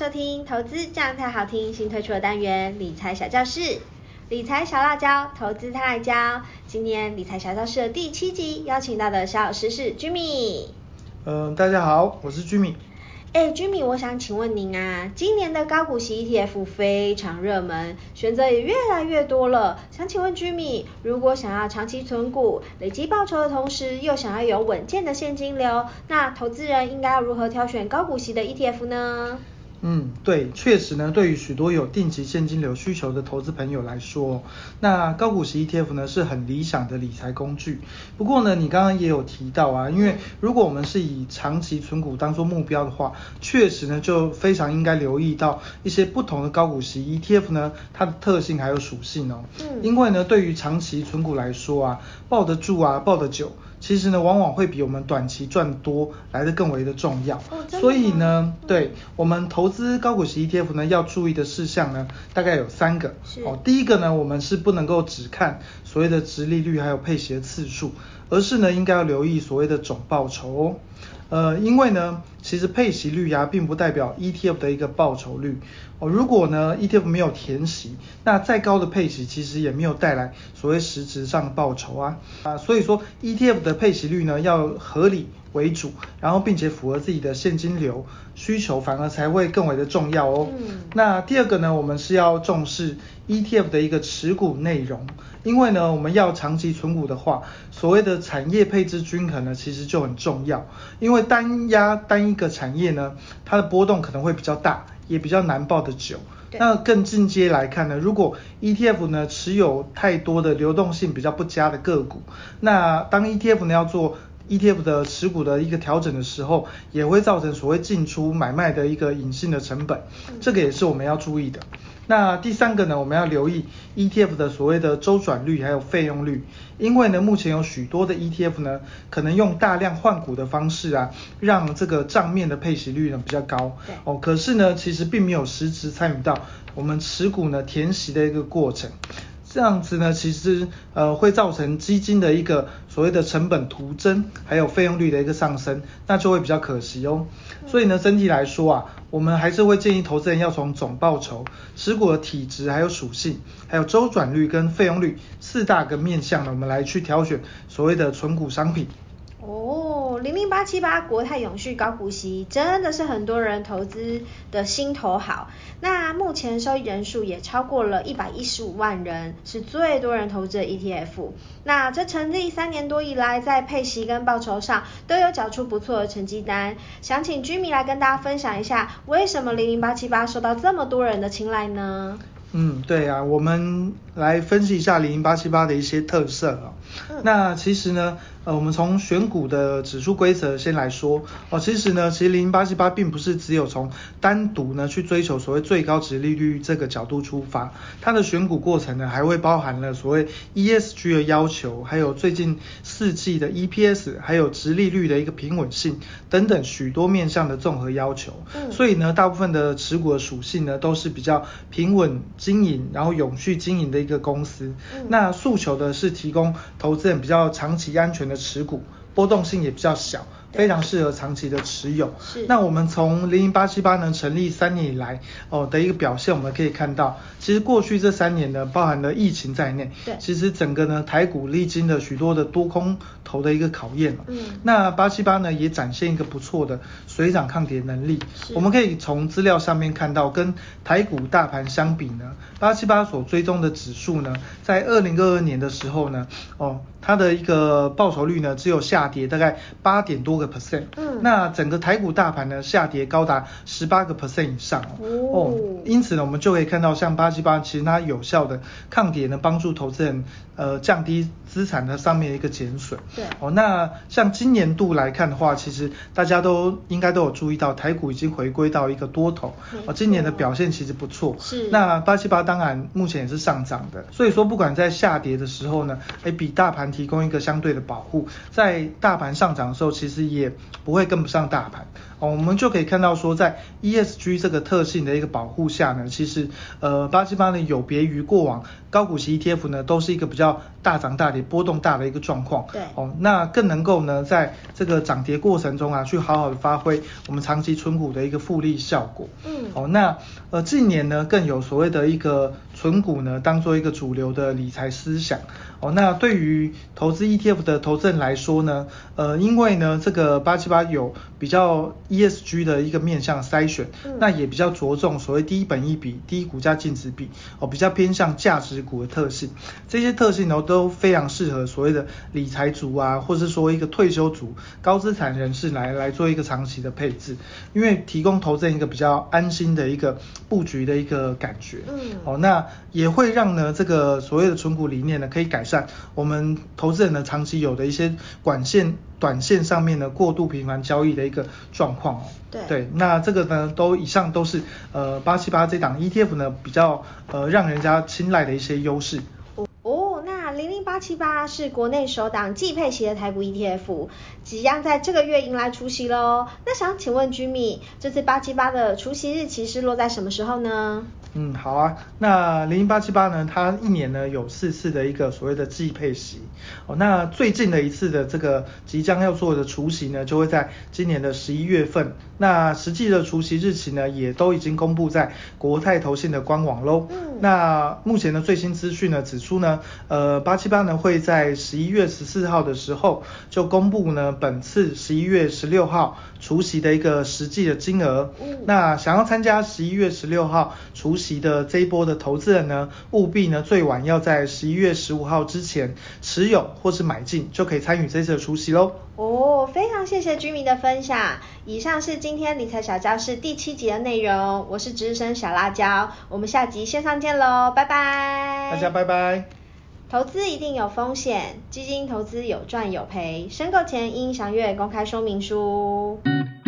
收聽投資這樣泰好聽新推出的單元理財小教室。理財小辣椒，投資太辣椒今年理財小教室的第七集邀請到的小老師是 Jimmy。嗯、呃，大家好，我是 Jimmy。哎，Jimmy，我想請問您啊，今年的高股息 ETF 非常熱門，選擇也越來越多了。想請問 Jimmy，如果想要長期存股，累積報酬的同時，又想要有穩健的現金流，那投資人應該要如何挑選高股息的 ETF 呢？嗯，對，確實呢，對於許多有定期現金流需求的投資朋友來說哦，那高股息 ETF 呢是很理想的理財工具。不過呢，你剛剛也有提到啊，因為如果我們是以長期存股當作目標的話，確實呢就非常應該留意到一些不同的高股息 ETF 呢它的特性還有屬性哦。因為呢，對於長期存股來說啊，抱得住啊，抱得久。其實呢，往往會比我們短期賺多來得更為的重要。哦、所以呢，對、嗯、我們投資高股息 ETF 呢，要注意的事項呢，大概有三個。是哦，第一個呢，我們是不能夠只看所謂的殖利率還有配息的次數，而是呢，應該要留意所謂的總報酬哦。呃，因為呢，其實配息率啊，並不代表 ETF 的一個報酬率。哦，如果呢 ETF 沒有填息，那再高的配息，其實也沒有帶來所謂實質上的報酬啊。啊，所以說 ETF 的配息率呢，要合理。為主，然後並且符合自己的現金流需求，反而才會更為的重要哦。嗯、那第二個呢，我們是要重視 ETF 的一個持股內容，因為呢，我們要長期存股的話，所謂的產業配置均衡呢，其實就很重要。因為單壓單一個產業呢，它的波動可能會比較大，也比較難抱得久。對那更進階來看呢，如果 ETF 呢持有太多的流動性比較不佳的個股，那當 ETF 呢要做。ETF 的持股的一個調整的時候，也會造成所謂進出買賣的一個隱性的成本，這個也是我們要注意的。那第三個呢，我們要留意 ETF 的所謂的週轉率還有費用率，因為呢，目前有許多的 ETF 呢，可能用大量換股的方式啊，讓這個賬面的配息率呢比較高，哦，可是呢，其實並沒有實質參與到我們持股呢填息的一個過程。這樣子呢，其實呃會造成基金的一個所謂的成本徒增，還有費用率的一個上升，那就會比較可惜哦。嗯、所以呢，整體來說啊，我們還是會建議投資人要從總報酬、持股的體質，還有屬性、還有周轉率跟費用率四大個面向呢，我們來去挑選所謂的存股商品。哦。零零八七八國泰永續高股息真的是很多人投資的心頭好，那目前受益人數也超過了一百一十五萬人，是最多人投資的 ETF。那這成立三年多以來，在配息跟報酬上都有繳出不錯的成績單。想請居民來跟大家分享一下，為什麼零零八七八受到這麼多人的青睞呢？嗯，對啊，我們來分析一下零零八七八的一些特色啊、哦。那其實呢，呃，我們從選股的指數規則先來說哦。其實呢，其實零零八七八並不是只有從單獨呢去追求所謂最高殖利率這個角度出發，它的選股過程呢還會包含了所謂 ESG 的要求，還有最近四季的 EPS，還有殖利率的一個平穩性等等許多面向的綜合要求。嗯、所以呢，大部分的持股的屬性呢都是比較平穩。經營，然後永續經營的一個公司，那訴求的是提供投資人比較長期安全的持股，波動性也比較小。對非常適合長期的持有。是，那我們從零零八七八呢成立三年以來，哦的一個表現，我們可以看到，其實過去這三年呢，包含了疫情在內，對，其實整個呢台股歷經了許多的多空頭的一個考驗，嗯，那八七八呢也展現一個不錯的水漲抗跌能力。是，我們可以從資料上面看到，跟台股大盤相比呢，八七八所追蹤的指數呢，在二零二二年的時候呢，哦，它的一個報酬率呢只有下跌大概八點多。個 percent，嗯、那整個台股大盤呢下跌高達十八個 percent 以上哦，哦，哦、因此呢我們就可以看到像八七八其實它有效的抗跌，呢，幫助投資人呃降低。資產的上面一個減損。對，哦，那像今年度來看的話，其實大家都應該都有注意到，台股已經回歸到一個多頭，沒錯。哦，今年的表現其實不錯。是，那八七八當然目前也是上漲的，所以說不管在下跌的時候呢，哎，比大盤提供一個相對的保護，在大盤上漲的時候，其實也不會跟不上大盤。哦，我們就可以看到說，在 ESG 這個特性的一個保護下呢，其實呃，八七八呢有別於過往高股息 ETF 呢，都是一個比較大漲大跌、波動大的一個狀況。對，哦，那更能夠呢，在這個漲跌過程中啊，去好好的發揮我們長期存股的一個複利效果。嗯，哦，那呃，近年呢，更有所謂的一個。存股呢，當做一個主流的理財思想哦。那對於投資 ETF 的投資人來說呢，呃，因為呢這個八七八有比較 ESG 的一個面向篩選，嗯、那也比較着重所謂低本益比、低股價淨值比哦，比較偏向價值股的特性。這些特性呢都非常適合所謂的理財族啊，或是說一個退休族、高資產人士來來做一個長期的配置，因為提供投資人一個比較安心的一個布局的一個感覺。嗯，哦那。也會讓呢這個所謂的存股理念呢，可以改善我們投資人呢長期有的一些短線短線上面的過度頻繁交易的一個狀況哦。對，對。那這個呢都以上都是呃八七八這檔 ETF 呢比較呃讓人家青睞的一些優勢。哦，那零零八七八是國內首檔季配型的台股 ETF，即將在這個月迎來除息嘍。那想請問 Jimmy，這次八七八的除息日期是落在什麼時候呢？嗯，好啊，那零零八七八呢，它一年呢有四次的一個所謂的季配息哦。那最近的一次的這個即將要做的除息呢，就會在今年的十一月份。那實際的除息日期呢，也都已經公布在國泰投信的官網嘍。嗯。那目前的最新資訊呢，指出呢，呃，八七八呢會在十一月十四號的時候就公布呢本次十一月十六號除息的一個實際的金額。嗯，那想要參加十一月十六號除息的這一波的投資人呢，務必呢最晚要在十一月十五號之前持有或是買進，就可以參與這次的除息嘍。哦，非常謝謝居民的分享。以上是今天理財小教室第七集的內容，我是值日生小辣椒，我們下集線上見嘍，拜拜。大家拜拜。投資一定有風險，基金投資有賺有賠，申購前應詳閱公開說明書。嗯